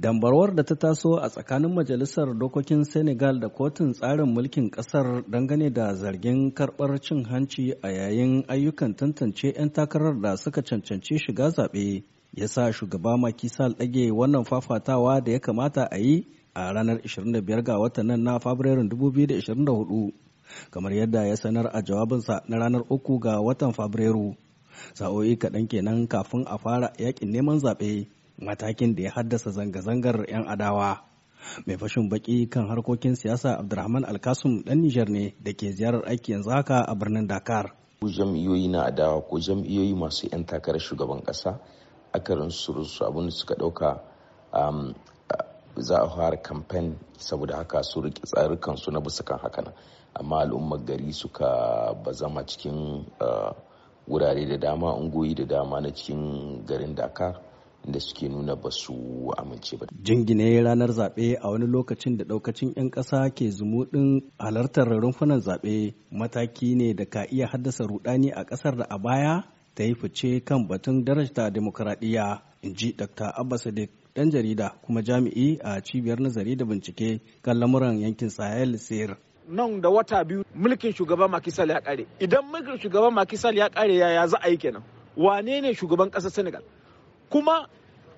dambarwar da ta taso a tsakanin majalisar dokokin senegal da kotun tsarin mulkin kasar dangane da zargin karbar cin hanci a yayin ayyukan tantance 'yan takarar da suka cancanci shiga zaɓe ya sa shugaba makisal ɗage wannan fafatawa da ya kamata a yi a ranar 25 ga watan nan na fabrairun 2024 kamar yadda ya sanar a jawabinsa na ranar 3 ga watan fabrairu sa'o'i kaɗan kenan kafin a fara yakin neman zaɓe matakin da ya haddasa zanga-zangar 'yan adawa mai fashin baki kan harkokin siyasa abdulrahman alkasum ɗan nijar ne da ke ziyarar aiki yanzu haka a birnin dakar ko jam'iyyoyi na adawa ko jam'iyyoyi masu 'yan takarar shugaban kasa aka rinsu su abin da suka ɗauka um, za a fara kamfen saboda haka su riƙe tsarukan na bisa kan haka amma al'ummar gari suka bazama cikin uh, wurare da dama ungoyi da dama na cikin garin dakar da suke nuna ba su amince ba. Jingine ranar zaɓe a wani lokacin da ɗaukacin 'yan ƙasa ke zumuɗin halartar rumfunan zaɓe mataki ne da ka iya haddasa rudani a ƙasar da a baya ta yi fice kan batun darajta demokuraɗiyya in ji Dr. Abba Sadiq ɗan jarida kuma jami'i a cibiyar nazari da bincike kan lamuran yankin Sahel Sir. nan da wata biyu mulkin shugaban Makisal ya kare idan mulkin shugaban Makisal ya kare yaya za a yi kenan wane ne shugaban ƙasar Senegal kuma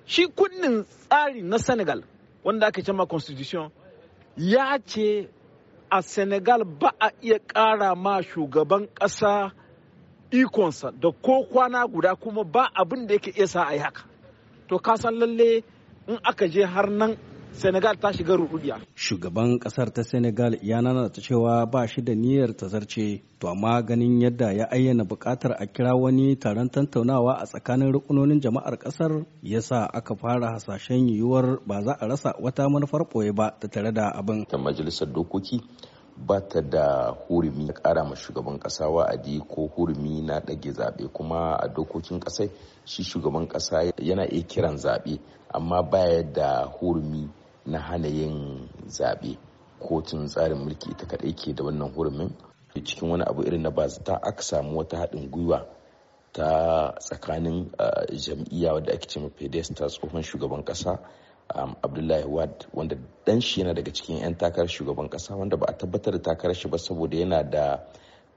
shi kundin tsari na senegal wanda aka cema constitution ya ce a senegal ba a iya kara ma shugaban kasa ikonsa da ko kwana guda kuma ba abin da yake iya sa a yi haka to kasan lalle in aka je har nan Senegal ta shiga ruɗuɗiya. Shugaban ƙasar ta Senegal ya nanata cewa ba shi da niyyar ta zarce, to amma ganin yadda ya ayyana buƙatar a kira wani taron tattaunawa a tsakanin rukunonin jama'ar ƙasar ya sa aka fara hasashen yiwuwar ba za a rasa wata manufar ɓoye ba ta tare da abin. Ta majalisar dokoki ba ta da hurumi na ƙara ma shugaban ƙasa wa'adi ko hurumi na dage zaɓe kuma a dokokin ƙasai shi shugaban ƙasa yana iya kiran zaɓe amma baya da hurumi na hana yin zaɓe kotun tsarin mulki ita kaɗai ke da wannan hurumin cikin wani abu irin na ba ta aka samu wata haɗin gwiwa ta tsakanin jam'iyya wadda ake cewa ta tsohon shugaban ƙasa abdullahi wad wanda dan shi yana daga cikin 'yan takarar shugaban ƙasa wanda ba a tabbatar da takarar shi ba saboda yana da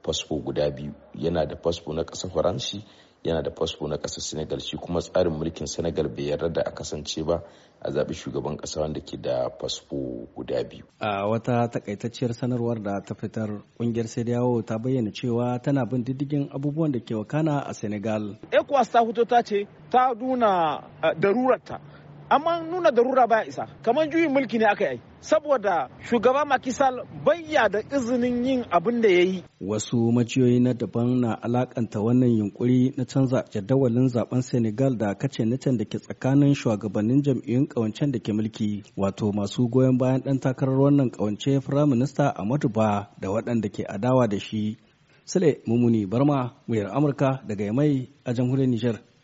fasfo guda biyu yana da fasfo na ƙasar faransi yana da fasfo na ƙasar senegal shi kuma tsarin mulkin senegal bai yarda da a kasance ba a zaɓi shugaban ƙasa wanda ke da fasfo guda biyu a wata takaitacciyar sanarwar da ta fitar ƙungiyar sai yawo ta bayyana cewa tana bin diddigin abubuwan da ke wakana a senegal ecowas ta fito ta ce ta nuna eh, darurarta amma nuna darura baya isa kamar juyin mulki ne aka yi saboda shugaba makisal bayya da izinin yin abin da ya yi wasu maciyoyi na daban na alakanta wannan yunkuri na canza jadawalin zaben senegal da kace nitan da ke tsakanin shugabannin jam'iyyun kawancen da ke mulki wato masu goyon bayan dan takarar wannan kawance firaminista amadu ba da waɗanda ke adawa da shi sule mumuni barma muryar amurka daga yamai a jamhuriyar nijar